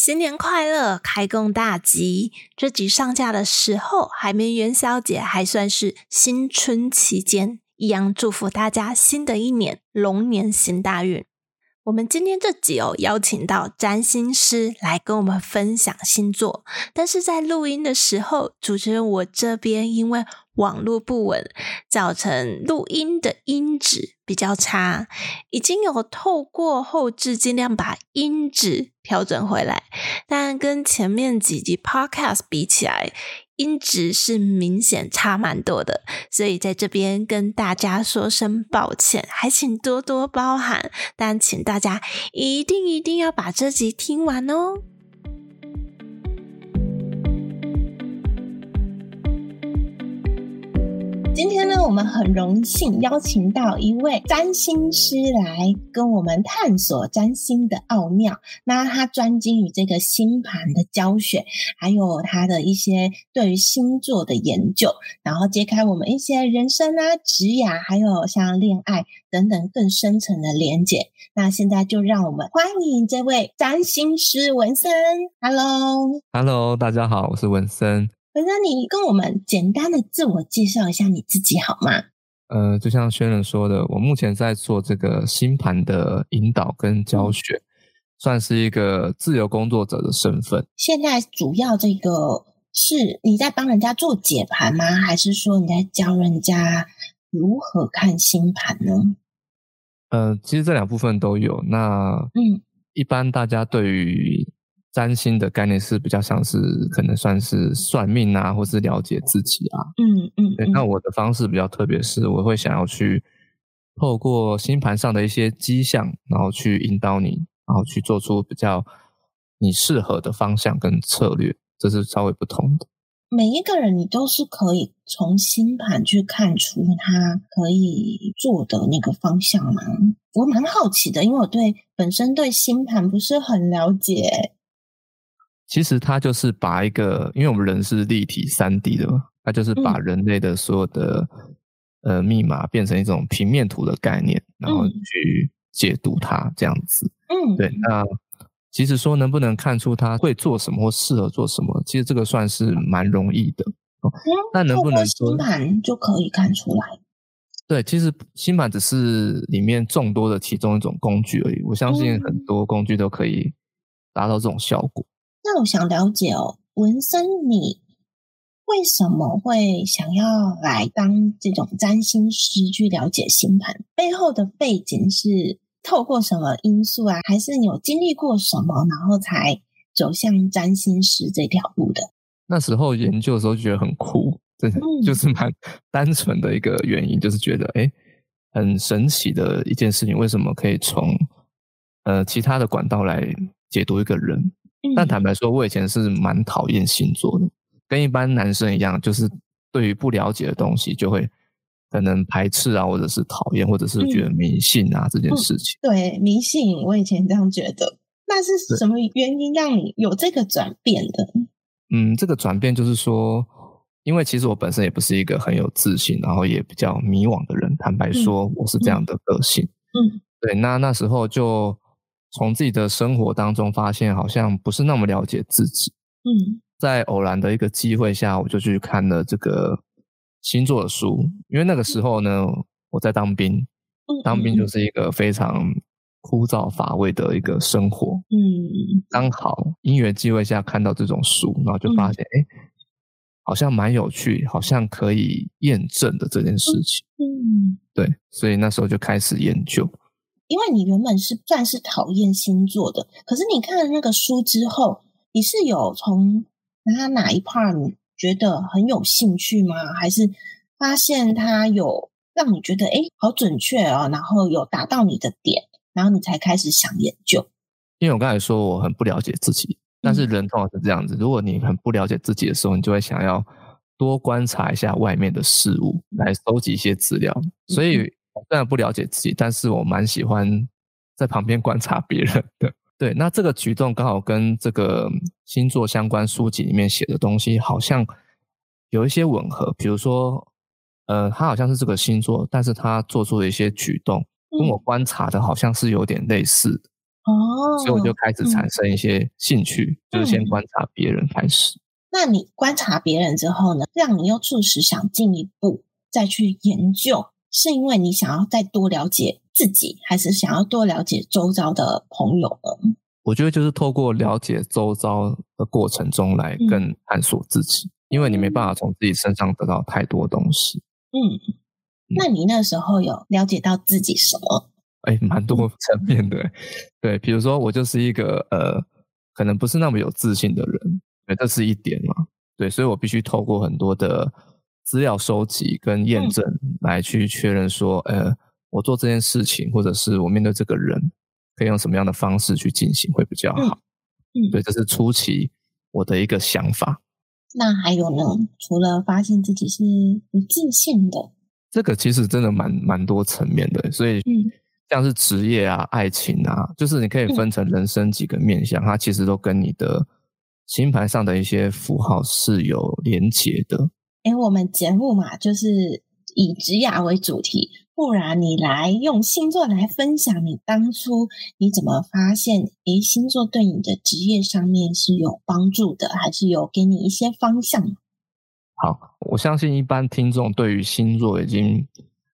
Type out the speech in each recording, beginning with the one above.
新年快樂，開工大吉！這集上架的時候，還沒元宵節，還算是新春期間，一樣祝福大家新的一年，龍年行大運。我們今天這集哦，邀請到占星師來跟我們分享星座。但是在錄音的時候，主持人我這邊因為網絡不穩，造成錄音的音質比較差。已經有透過後製盡量把音質調整回來，當然跟前面幾集 Podcast 比起來。音質是明顯差蠻多的，所以在這邊跟大家說聲抱歉，還請多多包涵。但請大家一定一定要把這集聽完哦。今天呢，我們很榮幸邀請到一位占星師來跟我們探索占星的奧妙。那他專精於這個星盤的教學，還有他的一些對於星座的研究，然後揭開我們一些人生啊、職涯，還有像戀愛等等更深層的連結。那現在就讓我們歡迎這位占星師文森。Hello，Hello，Hello, 大家好，我是文森。那你跟我們簡單的自我介紹一下你自己好嗎？呃，就像 Shannon 說的，我目前在做這個星盤的引導跟教學，嗯、算是一個自由工作者的身份。現在主要這個是你在幫人家做解盤嗎？還是說你在教人家如何看星盤呢？呃，其實這兩部分都有。那嗯，一般大家對於占星的概念是比較像是可能算是算命啊，或是了解自己啊。嗯嗯，嗯嗯，那我的方式比較特別，是我會想要去透過星盤上的一些跡象，然後去引導你，然後去做出比較你適合的方向跟策略，這是稍微不同的。每一個人你都是可以從星盤去看出他可以做的那個方向嗎？我蠻好奇的，因為我對本身對星盤不是很了解。其實它，就是把一個，因為我們人是立體三 D 的嘛，它就是把人類的所有的、嗯、呃密碼變成一種平面圖的概念，然後去解讀它、嗯、這樣子。嗯，對。那其實說能不能看出他會做什麼或適合做什麼，其實這個算是蠻容易的。哦，那、嗯、能不能說星盤就可以看出來？對，其實星盤只是裡面眾多的其中一種工具而已。我相信很多工具都可以達到這種效果。那我想了解哦，文森，你為什麼會想要來當這種占星師，去了解星盤背後的背景是透過什麼因素啊？還是你有經歷過什麼，然後才走向占星師這條路的？那時候研究的時候覺得很酷，就是、嗯、就是蠻單純的一個原因，就是覺得哎，很神奇的一件事情，為什麼可以從呃其他的管道來解讀一個人？嗯、但坦白說，我以前是蠻討厭星座的，跟一般男生一樣，就是對於不了解的東西就會可能排斥啊，或者是討厭，或者是覺得迷信啊、嗯、這件事情。嗯、對，迷信我以前這樣覺得。那是什麼原因讓你有這個轉變的？嗯，這個轉變就是說，因為其實我本身也不是一個很有自信，然後也比較迷惘的人。坦白說，嗯、我是這樣的個性。嗯，嗯，對。那那時候就。從自己的生活當中發現，好像不是那麼了解自己。嗯，在偶然的一個機會下，我就去看了這個星座的書。因為那個時候呢，我在當兵，當兵就是一個非常枯燥乏味的一個生活。嗯，剛好因緣際會下看到這種書，然後就發現，哎，好像蠻有趣，好像可以驗證的這件事情。嗯，對，所以那時候就開始研究。因為你原本是算是討厭星座的，可是你看了那個書之後，你是有從他哪一 part 你覺得很有興趣嗎？還是發現他有讓你覺得誒好準確哦？然後有達到你的點，然後你才開始想研究？因為我剛才說我很不了解自己，但是人通常是這樣子，如果你很不了解自己的時候，你就會想要多觀察一下外面的事物，來蒐集一些資料，嗯哼，所以。雖然不了解自己，但是我蠻喜歡在旁邊觀察別人的。對，那這個舉動剛好跟這個星座相關書籍裡面寫的東西好像有一些吻合。比如說，呃，他好像是這個星座，但是他做出的一些舉動跟我觀察的好像是有點類似的。哦、嗯，所以我就開始產生一些興趣，嗯、就是先觀察別人開始。那你觀察別人之後呢？這樣你又促使想進一步再去研究。是因為你想要再多了解自己，還是想要多了解周遭的朋友呢？我覺得就是透過了解周遭的過程中來更探索自己，嗯、因為你沒辦法從自己身上得到太多東西。嗯，嗯嗯那你那時候有了解到自己什麼？哎、欸，蠻多層面的、欸，嗯、對，比如說我就是一個呃，可能不是那麼有自信的人，，對這是一點嘛。對，所以我必須透過很多的。資料收集跟驗證來去確認說，嗯、呃，我做這件事情或者是我面對這個人，可以用什麼樣的方式去進行會比較好。嗯，所、嗯、以這是初期我的一個想法。那還有呢？嗯、除了發現自己是不自信的，這個其實真的蠻蠻多層面的。所以，嗯，像是職業啊、愛情啊，就是你可以分成人生幾個面向，嗯、它其實都跟你的星盤上的一些符號是有連結的。欸，我們節目嘛，就是以職涯為主題，不然你來用星座來分享，你當初你怎麼發現？哎、欸，星座對你的職業上面是有幫助的，還是有給你一些方向？好，我相信一般聽眾對於星座已經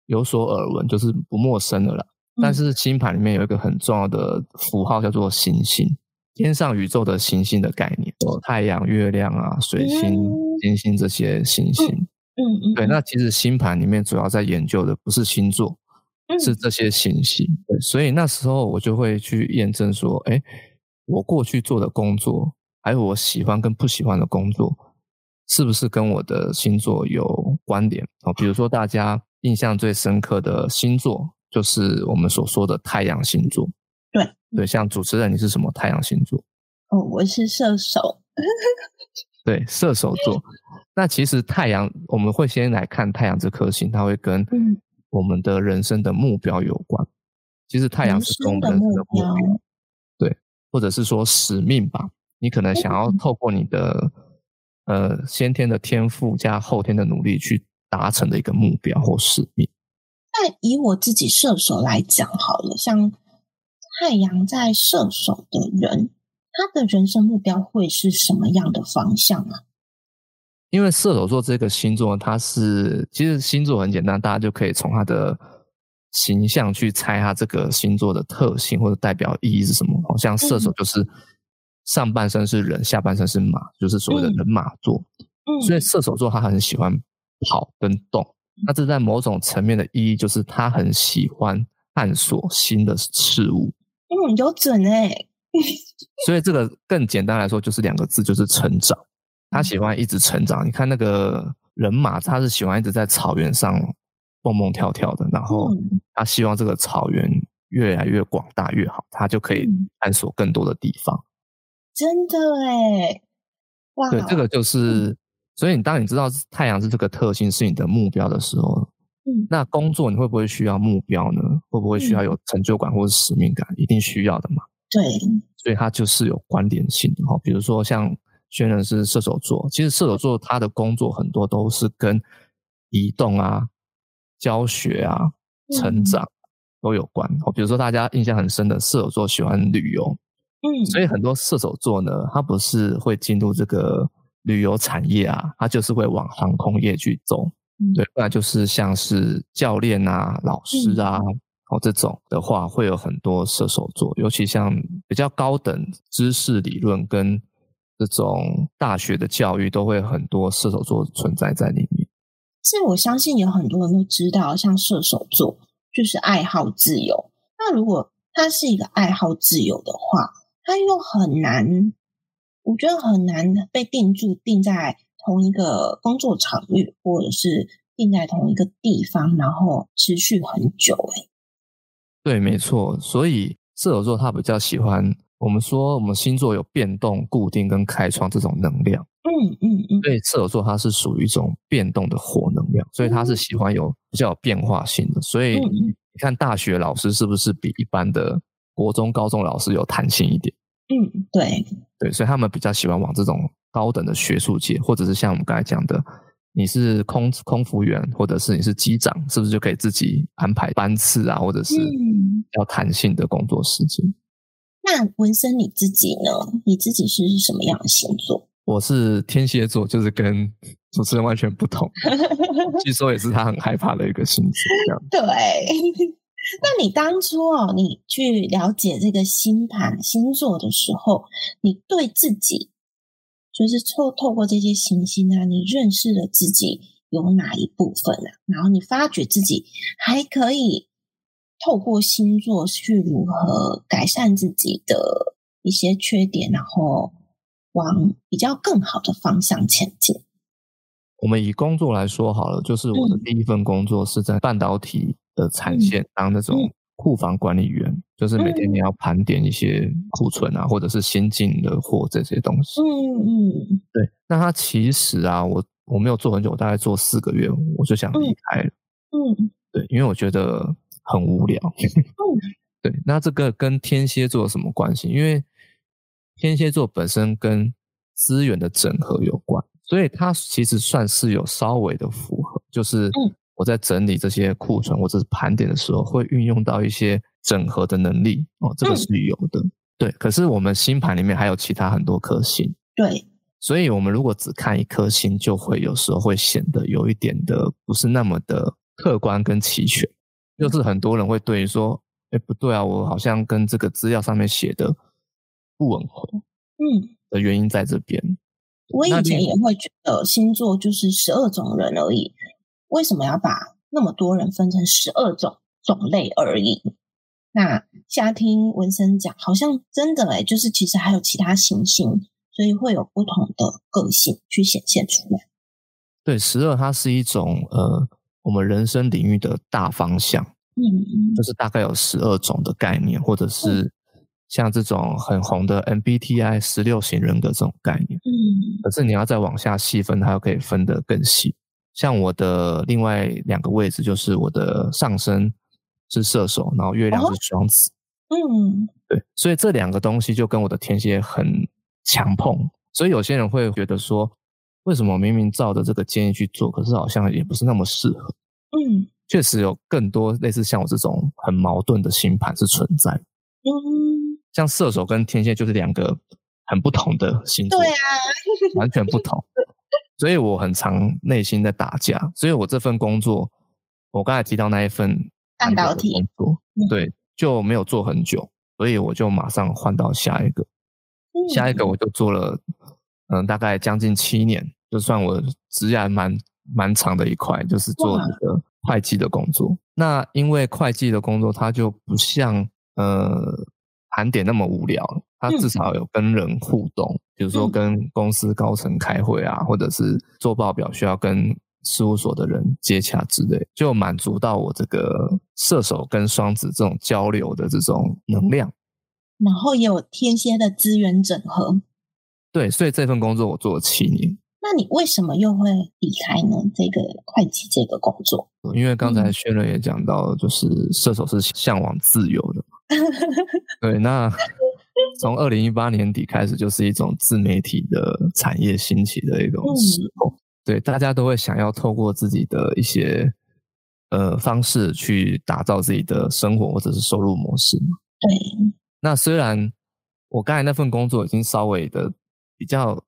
有所耳聞，就是不陌生的了啦。嗯、但是星盤裡面有一個很重要的符號叫做行星、星。天上宇宙的行星的概念，有太陽、月亮啊、水星、金星這些行星。嗯嗯，對。那其實星盤裡面主要在研究的不是星座，是這些行星。對，所以那時候我就會去驗證說，欸，我過去做的工作，還有我喜歡跟不喜歡的工作，是不是跟我的星座有關聯？哦，比如說大家印象最深刻的星座，就是我們所說的太陽星座。對，像主持人，你是什麼太陽星座？哦，我是射手。 對，射手座。那其實太陽，我們會先來看太陽這顆星，它會跟我們的人生的目標有關。其實太陽是根本的目標，目標對，或者是說使命吧。你可能想要透過你的、嗯、呃先天的天賦加後天的努力去達成的一個目標或使命。那以我自己射手來講，好了，像。太陽在射手的人，他的人生目標會是什麼樣的方向呢、啊？因為射手座這個星座，它是其實星座很簡單，大家就可以從它的形象去猜它這個星座的特性或者代表意義是什麼。像射手就是上半身是人，嗯、下半身是馬，就是所謂的人馬座。嗯，所以射手座他很喜歡跑跟動。那這、嗯、在某種層面的意義就是他很喜歡探索新的事物。嗯，有準哎、欸， 所以這個更簡單來說就是兩個字，就是成長。他喜歡一直成長。你看那個人馬，他是喜歡一直在草原上蹦蹦跳跳的，然後他希望這個草原越來越廣大越好，他就可以探索更多的地方。真的哎、欸，哇、wow！對，這個就是，所以你當你知道太陽是這個特性是你的目標的時候。嗯，那工作你會不會需要目標呢？會不會需要有成就感或者使命感？一定需要的嘛。對，所以它就是有關聯性的哈、哦。比如說像 Shannon 是射手座，其實射手座他的工作很多都是跟移動啊、教學啊、成長都有關。哦、嗯，比如說大家印象很深的射手座喜歡旅遊，嗯，所以很多射手座呢，他不是會進入這個旅遊產業啊，他就是會往航空業去走。對，不然就是像是教練啊、老師啊，嗯、哦這種的話，會有很多射手座，尤其像比較高等知識理論跟這種大學的教育，都會有很多射手座存在在裡面。其實我相信有很多人都知道，像射手座就是愛好自由。那如果他是一個愛好自由的話，他又很難，我覺得很難被定住、定在同一個工作場域，或者是定在同一個地方，然後持續很久。哎，對，沒錯。所以射手座他比較喜歡我們說我們星座有變動、固定跟開創這種能量。嗯嗯嗯。對、嗯，射手座，嗯，它是屬於一種變動的火能量，所以它是喜歡有、嗯、比較有變化性的。所以你看，大學老師是不是比一般的國中、高中老師有彈性一點？嗯，對。對，所以他們比較喜歡往這種。高等的學術界，或者是像我們剛才講的，你是空空服員，或者是你是機長，是不是就可以自己安排班次啊，或者是要彈性的工作時間？嗯。那文森你自己呢？你自己是什麼樣的星座？我是天蠍座，就是跟主持人完全不同。 據說也是他很害怕的一個星座。對。那你當初哦，你去了解這個星盤星座的時候，你對自己？就是透透過這些行星啊，你認識了自己有哪一部分啊，然後你發覺自己還可以透過星座去如何改善自己的一些缺點，然後往比較更好的方向前進。我們以工作來說好了，就是我的第一份工作是在半導體的產線，當那種。嗯嗯嗯庫房管理員，就是每天你要盤點一些庫存啊，或者是新進的貨這些東西。嗯嗯，對。那它其實啊，我我沒有做很久，我大概做四個月，我就想離開了。嗯，對，因為我覺得很無聊。嗯， 對。那這個跟天蠍座有什麼關係？因為天蠍座本身跟資源的整合有關，所以它其實算是有稍微的符合，就是。我在整理這些庫存或者是盤點的時候，會運用到一些整合的能力哦，這個是有的。嗯、對，可是我們星盤裡面還有其他很多顆星。對，所以我們如果只看一顆星，就會有時候會顯得有一點的不是那麼的客觀跟齊全。嗯、就是很多人會對於說，哎，不對啊，我好像跟這個資料上面寫的不吻合。嗯，的原因在這邊。嗯、我以前也會覺得星座就是十二種人而已。為什麼要把那麼多人分成十二種種類而已？那現在聽文森講，好像真的哎、欸，就是其實還有其他行星，所以會有不同的個性去顯現出來。對，十二它是一種呃，我們人生領域的大方向，嗯嗯，就是大概有十二種的概念，或者是像這種很紅的 MBTI 十六型人格這種概念，嗯，可是你要再往下細分，它又可以分得更細。像我的另外兩個位置，就是我的上升是射手，然後月亮是雙子。哦，嗯，對，所以這兩個東西就跟我的天蠍很強碰，所以有些人會覺得說，為什麼我明明照着這個建議去做，可是好像也不是那麼適合？嗯，確實有更多類似像我這種很矛盾的星盤是存在，嗯，像射手跟天蠍就是兩個很不同的星座，對啊、嗯，完全不同。嗯所以我很常內心在打架，所以我這份工作，我剛才提到那一份半導體，對，就沒有做很久，所以我就馬上換到下一個，下一個我就做了，嗯，大概將近七年，就算我職業還蠻蠻長的一塊，就是做這個會計的工作。那因為會計的工作，它就不像呃盤點那麼無聊。他至少有跟人互動，嗯、比如說跟公司高層開會啊，嗯、或者是做報表需要跟事務所的人接洽之類，就滿足到我這個射手跟雙子這種交流的這種能量。嗯、然後也有天蠍的資源整合。對，所以這份工作我做了七年。那你為什麼又會離開呢？這個會計這個工作？因為剛才 Shannon 也講到，就是射手是嚮往自由的。 對，那。從二零一八年底開始，就是一種自媒體的產業興起的一種時候。對，大家都會想要透過自己的一些呃方式去打造自己的生活或者是收入模式。對。那雖然我剛才那份工作已經稍微的比較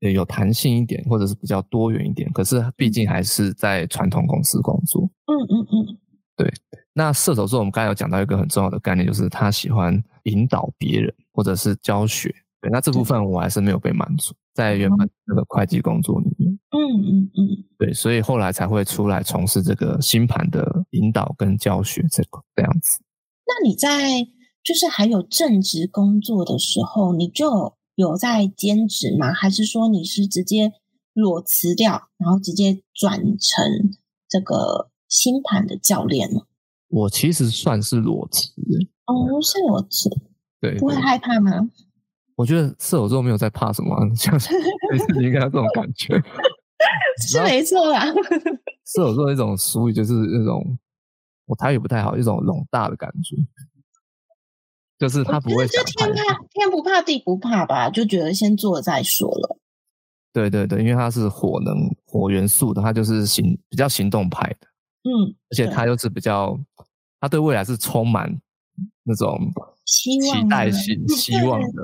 有彈性一點，或者是比較多元一點，可是畢竟還是在傳統公司工作。嗯嗯嗯。對。那射手座，我們剛才有講到一個很重要的概念，就是他喜歡引導別人或者是教學。對，那這部分我還是沒有被滿足，在原本那個會計工作裡面。嗯嗯嗯。嗯嗯對，所以後來才會出來從事這個星盤的引導跟教學這個、這樣子。那你在就是還有正職工作的時候，你就有在兼職嗎？還是說你是直接裸辭掉，然後直接轉成這個星盤的教練呢？我其實算是裸辭哦，是裸辭，對，不會害怕嗎？我覺得射手座沒有在怕什麼，是，你應該有這種感覺 是後沒錯啦。射 手座一種俗語就是一種，我台語不太好，一種龍大的感覺，就是他不會怕是就天怕天不怕地不怕吧，就覺得先做再說了。對對對，因為他是火能火元素的，他就是行比較行動派的，嗯，而且他又是比較。他對未來是充滿那種期待性、希望的，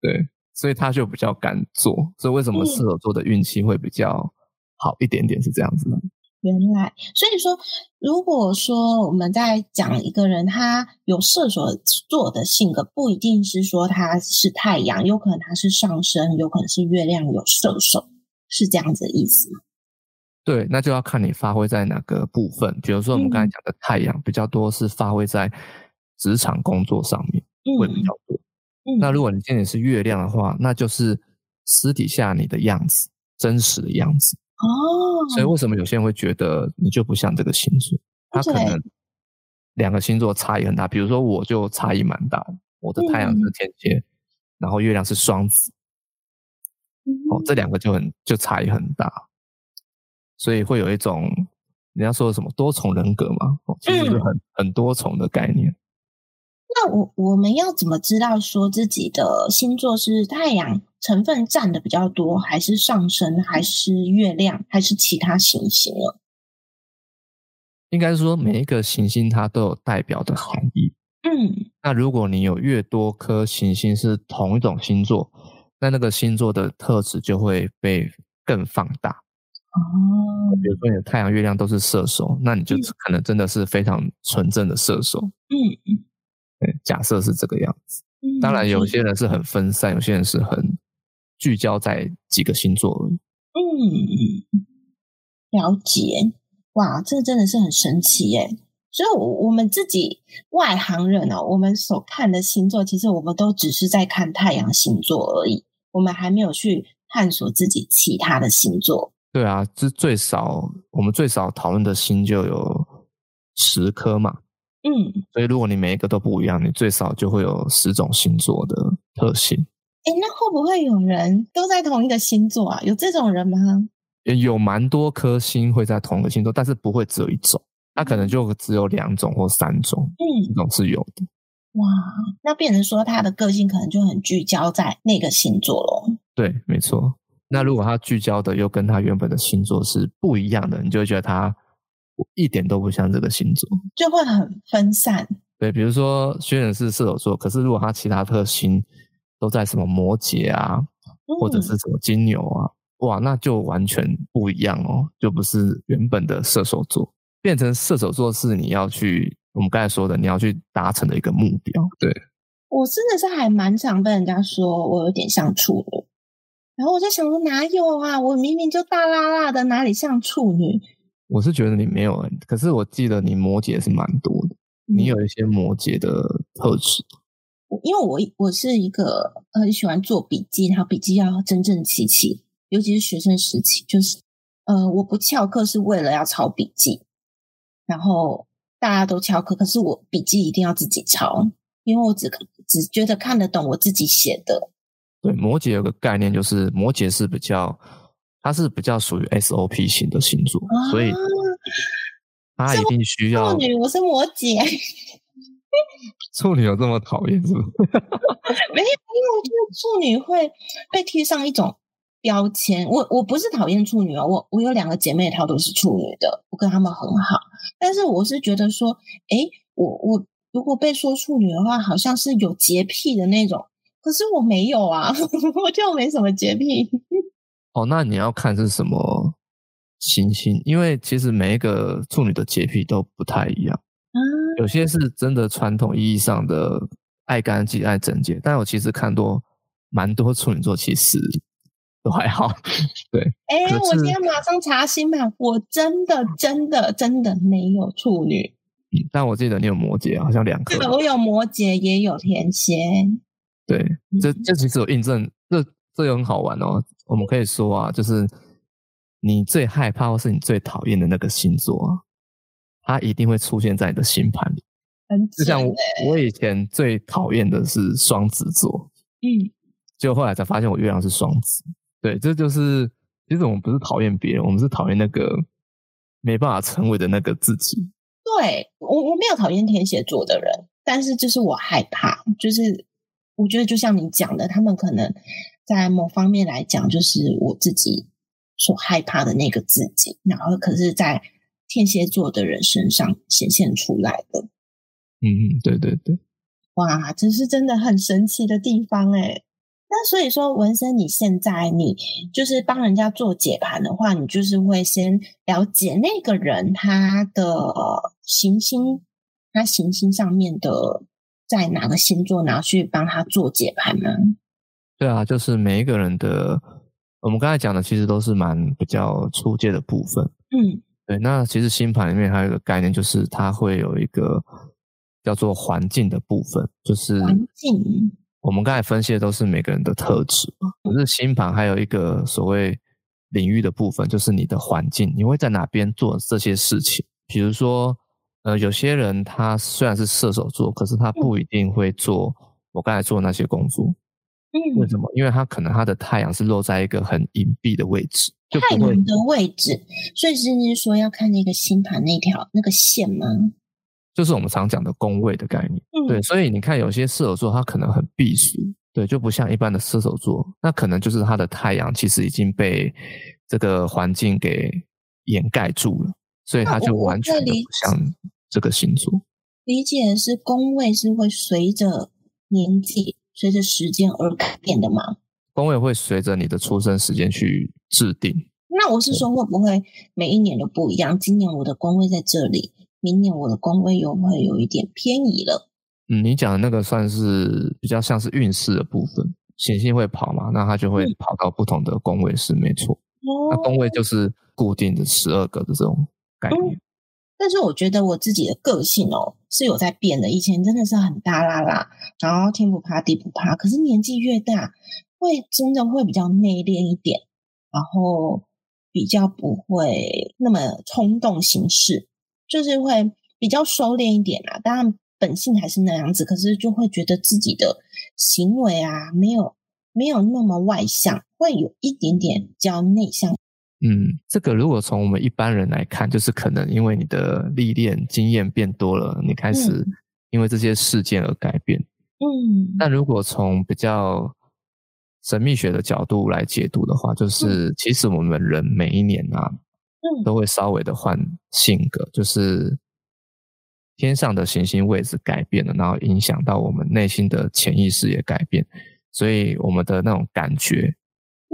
對，所以他就比較敢做。所以為什麼射手座的運氣會比較好一點點？是這樣子嗎？原來，所以說，如果說我們在講一個人，他有射手座的性格，不一定是說他是太陽，有可能他是上升，有可能是月亮有射手，是這樣子的意思。對，那就要看你發揮在哪個部分。比如說我們剛才講的太陽比較多，是發揮在職場工作上面，嗯、會比較多。嗯、那如果你今年是月亮的話，那就是私底下你的樣子，真實的樣子。哦，所以為什麼有些人會覺得你就不像這個星座？他可能兩個星座差異很大。比如說我就差異蠻大，我的太陽是天蠍，嗯、然後月亮是雙子，哦，嗯、這兩個就很就差異很大。所以會有一種人家說什麼多重人格嘛，哦、就是很、嗯、很多重的概念。那我我們要怎麼知道說自己的星座是太陽成分佔的比較多，還是上升，還是月亮，還是其他行星呢？應該是說每一個行星它都有代表的含義。嗯。那如果你有越多顆行星是同一種星座，那那個星座的特質就會被更放大。哦，比如說你的太陽、月亮都是射手，那你就可能真的是非常純正的射手。嗯嗯，假設是這個樣子。當然，有些人是很分散，有些人是很聚焦在幾個星座。嗯嗯，了解。哇，這個真的是很神奇耶！所以，我們自己外行人哦，我們所看的星座，其實我們都只是在看太陽星座而已，我們還沒有去探索自己其他的星座。對啊，這最少我們最少討論的星就有十顆嘛。嗯，所以如果你每一個都不一樣，你最少就會有十種星座的特性。誒、欸、那會不會有人都在同一個星座啊？有這種人嗎？有蠻多顆星會在同一個星座，但是不會只有一種，那、啊、可能就只有兩種或三種。嗯，這種是有的。哇，那變成說他的個性可能就很聚焦在那個星座咯。對，沒錯。那如果他聚焦的又跟他原本的星座是不一樣的，你就會覺得他一點都不像這個星座，就會很分散。對，比如說，雖然是射手座，可是如果他其他特性都在什麼摩羯啊，或者是什麼金牛啊，嗯、哇，那就完全不一樣哦，就不是原本的射手座，變成射手座是你要去我們剛才說的，你要去達成的一個目標。對，我真的是還蠻常被人家說我有點像處女。然後我在想說，哪有啊？我明明就大剌剌的，哪裡像處女？我是覺得你沒有，可是我記得你摩羯是蠻多的，嗯、你有一些摩羯的特質。我因為我我是一個很喜歡做筆記，然後筆記要整整齊齊，尤其是學生時期，就是呃，我不翹課是為了要抄筆記，然後大家都翹課，可是我筆記一定要自己抄，因為我只只覺得看得懂我自己寫的。對摩羯有個概念，就是摩羯是比較，它是比較屬於 SOP 型的星座，啊、所以他一定需要處女。我是摩羯，處女有這麼討厭是嗎？沒有，因為我覺得處女會被貼上一種標籤。我我不是討厭處女哦，我我有兩個姐妹，她都是處女的，我跟她們很好。但是我是覺得說，哎，我我如果被說處女的話，好像是有潔癖的那種。可是我沒有啊， 我覺得我沒什麼潔癖。哦，那你要看是什麼星星？因為其實每一個處女的潔癖都不太一樣。嗯、有些是真的傳統意義上的愛乾淨、愛整潔，但我其實看多蠻多處女座，其實都還好。對，哎、欸，是我今天馬上查星盤嘛，我真的、真的、真的沒有處女。嗯、但我記得你有摩羯，好像兩個。我有摩羯，也有天蠍。對，這這其實有印證，這這也很好玩哦。我們可以說啊，就是你最害怕或是你最討厭的那個星座，啊，它一定會出現在你的星盤裡。欸、就像我我以前最討厭的是雙子座，嗯，就後來才發現我月亮是雙子。對，這就是其實我們不是討厭別人，我們是討厭那個沒辦法成為的那個自己。對我我沒有討厭天蠍座的人，但是就是我害怕，就是。我覺得就像你講的，他們可能在某方面來講，就是我自己所害怕的那個自己，然後可是在天蠍座的人身上顯現出來的。嗯嗯，對對對，哇，這是真的很神奇的地方哎。那所以說，文森，你現在你就是幫人家做解盤的話，你就是會先了解那個人他的行星，他行星上面的在哪個星座，然後去幫他做解盤呢？對啊，就是每一個人的，我們剛才講的其實都是蠻比較粗略的部分。嗯，對。那其實星盤裡面還有一個概念，就是它會有一個叫做環境的部分，就是環境。我們剛才分析的都是每個人的特質，環境。可是星盤還有一個所謂領域的部分，就是你的環境，你會在哪邊做這些事情？比如說。呃，有些人他雖然是射手座，可是他不一定會做，嗯、我剛才做的那些工作。嗯、為什麼？因為他可能他的太陽是落在一個很隱蔽的位置，就太陽的位置，所以甚至是說要看那個星盤那條那個線嗎？就是我們常講的宮位的概念，嗯、對。所以你看，有些射手座他可能很避世，嗯、對，就不像一般的射手座，那可能就是他的太陽其實已經被這個環境給掩蓋住了。所以它就完全的不像這個星座。理，理解的是宮位是會隨着年紀、隨着時間而改變的嗎？宮位會隨着你的出生時間去制定。那我是說會不會每一年都不一樣？今年我的宮位在這裡，明年我的宮位又會有一點偏移了？嗯，你講的那個算是比較像是運勢的部分，行星，星會跑嘛，那它就會跑到不同的宮位是沒錯。嗯。那宮位就是固定的十二個的這種。改嗯，但是我覺得我自己的個性哦，是有在變的。以前真的是很大剌剌，然後天不怕地不怕。可是年紀越大，會真的會比較內斂一點，然後比較不會那麼衝動行事，就是會比較收斂一點啦。當然本性還是那樣子，可是就會覺得自己的行為啊，沒有沒有那麼外向，會有一點點比較內向。嗯，這個如果從我們一般人來看，就是可能因為你的歷練經驗變多了，你開始因為這些事件而改變。嗯，但如果從比較神秘學的角度來解讀的話，就是其實我們人每一年啊，都會稍微的換性格，就是天上的行星位置改變了，然後影響到我們內心的潛意識也改變，所以我們的那種感覺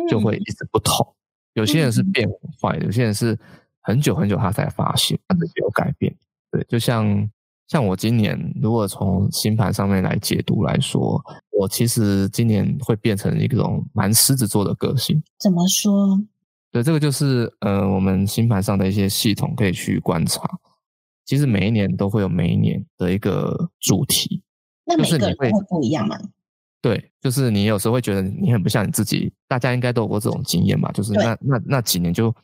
就會一直不同。有些人是變壞，有些人是很久很久他才發現他自己有改變。對，就像像我今年，如果從星盤上面來解讀來說，我其實今年會變成一種蠻獅子座的個性。怎麼說？對，這個就是呃，我們星盤上的一些系統可以去觀察。其實每一年都會有每一年的一個主題，那每一個人會不一樣嗎？對，就是你有時候會覺得你很不像你自己，大家應該都有過這種經驗吧？就是那對那那幾年就，就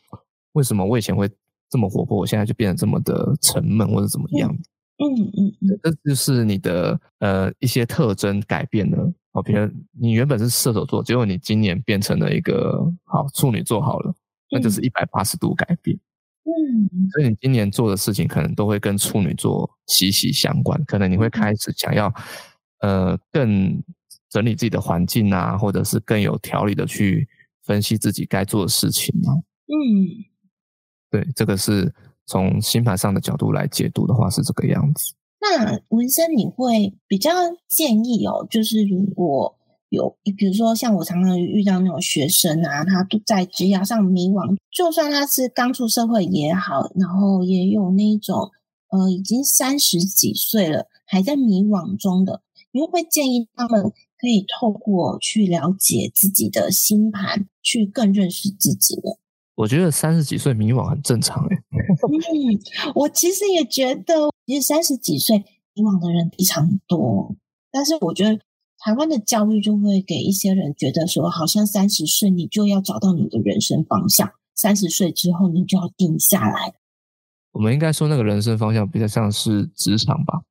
為什麼我以前會這麼活潑，我現在就變得這麼的沉悶，或者怎麼樣？嗯嗯嗯，嗯嗯這就是你的呃一些特徵改變了。我、哦、譬如你原本是射手座，結果你今年變成了一個好處女座，好了，那就是一百八十度改變。嗯，所以你今年做的事情可能都會跟處女座息息相關，可能你會開始想要呃更。整理自己的環境啊，或者是更有條理的去分析自己該做的事情啊。嗯，對，這個是從星盤上的角度來解讀的話是這個樣子。那文森，你會比較建議哦，就是如果有，比如說像我常常遇到那種學生啊，他都在職涯上迷惘，就算他是剛出社會也好，然後也有那種呃，已經三十幾歲了還在迷惘中的，你會，會建議他們？可以透過去了解自己的星盤，去更認識自己的。我覺得三十幾歲迷惘很正常。哎、 嗯，我其實也覺得，其實三十幾歲迷惘的人非常多。但是我覺得台灣的教育就會給一些人覺得說，好像三十歲你就要找到你的人生方向，三十歲之後你就要定下來。我們應該說那個人生方向比較像是職場吧。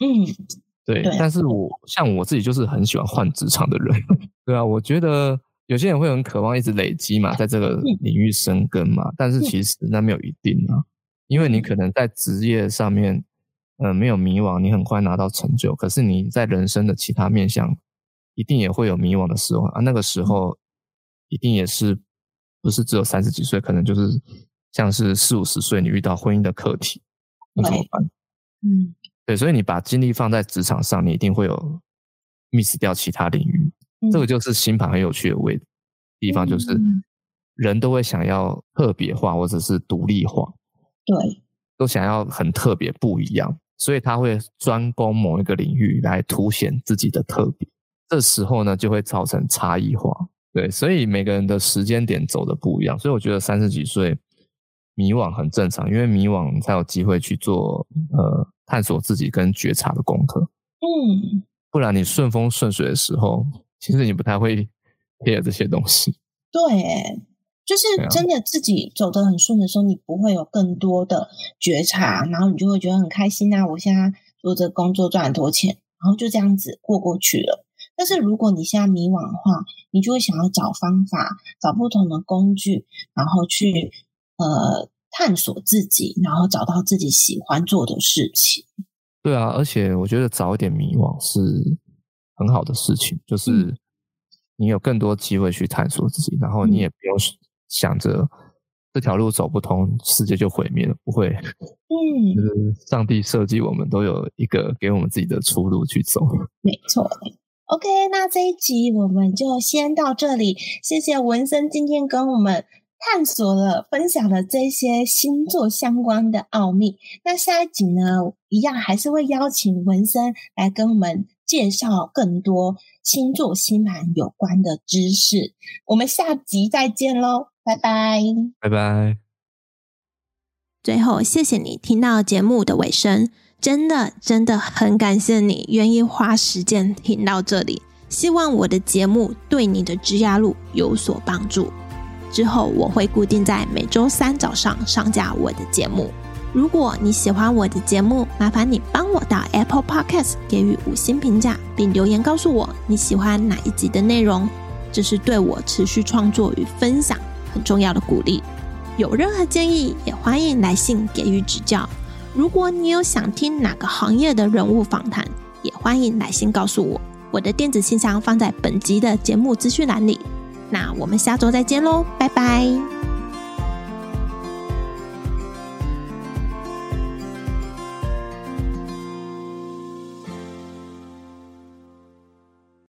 嗯。對，對但是我對像我自己就是很喜歡換職場的人，對， 對啊，我覺得有些人會很渴望一直累積嘛，在這個領域生根嘛，但是其實那沒有一定啊，對因為你可能在職業上面，嗯、呃，沒有迷惘，你很快拿到成就，可是你在人生的其他面向，一定也會有迷惘的時候啊，那個時候，一定也是不是只有三十幾歲，可能就是像是四五十歲，你遇到婚姻的課題，那怎麼辦？嗯。對，所以你把精力放在職場上，你一定會有 miss 掉其他領域。這個就是星盤很有趣的位地方，就是人都會想要特別化或者是獨立化，對，都想要很特別不一樣，所以他會專攻某一個領域來凸顯自己的特別。這時候呢，就會造成差異化。對，所以每個人的時間點走的不一樣，所以我覺得三十幾歲迷惘很正常，因為迷惘才有機會去做呃。探索自己跟覺察的功課，嗯，不然你順風順水的時候，其實你不太會 care 這些東西。對，就是真的自己走得很順的時候，啊、你不會有更多的覺察，然後你就會覺得很開心啊！我現在做這個工作賺很多錢，然後就這樣子過過去了。但是如果你現在迷惘的話，你就會想要找方法，找不同的工具，然後去呃。探索自己，然後找到自己喜歡做的事情。對啊，而且我覺得早一點迷惘是很好的事情，就是你有更多機會去探索自己，然後你也不要想着、嗯、這條路走不通，世界就毀滅了。不會，嗯，就是上帝設計，我們都有一個給我們自己的出路去走。沒錯。OK，那這一集我們就先到這裡，謝謝文森今天跟我們。探索了、分享了這些星座相關的奧秘。那下一集呢，一樣還是會邀請文森來跟我們介紹更多星座星盤有關的知識。我們下集再見嘍，拜拜，拜拜。最後，謝謝你聽到節目的尾聲，真的真的很感謝你願意花時間聽到這裡。希望我的節目對你的職涯路有所幫助。之後我會固定在每周三早上上架我的節目。如果你喜歡我的節目，麻煩你幫我到 Apple Podcast 給予五星評價，並留言告訴我你喜歡哪一集的內容。這是對我持續創作與分享很重要的鼓勵。有任何建議，也歡迎來信給予指教。如果你有想聽哪個行業的人物訪談，也歡迎來信告訴我。我的電子信箱放在本集的節目資訊欄裡。那我們下周再見嘍，拜拜。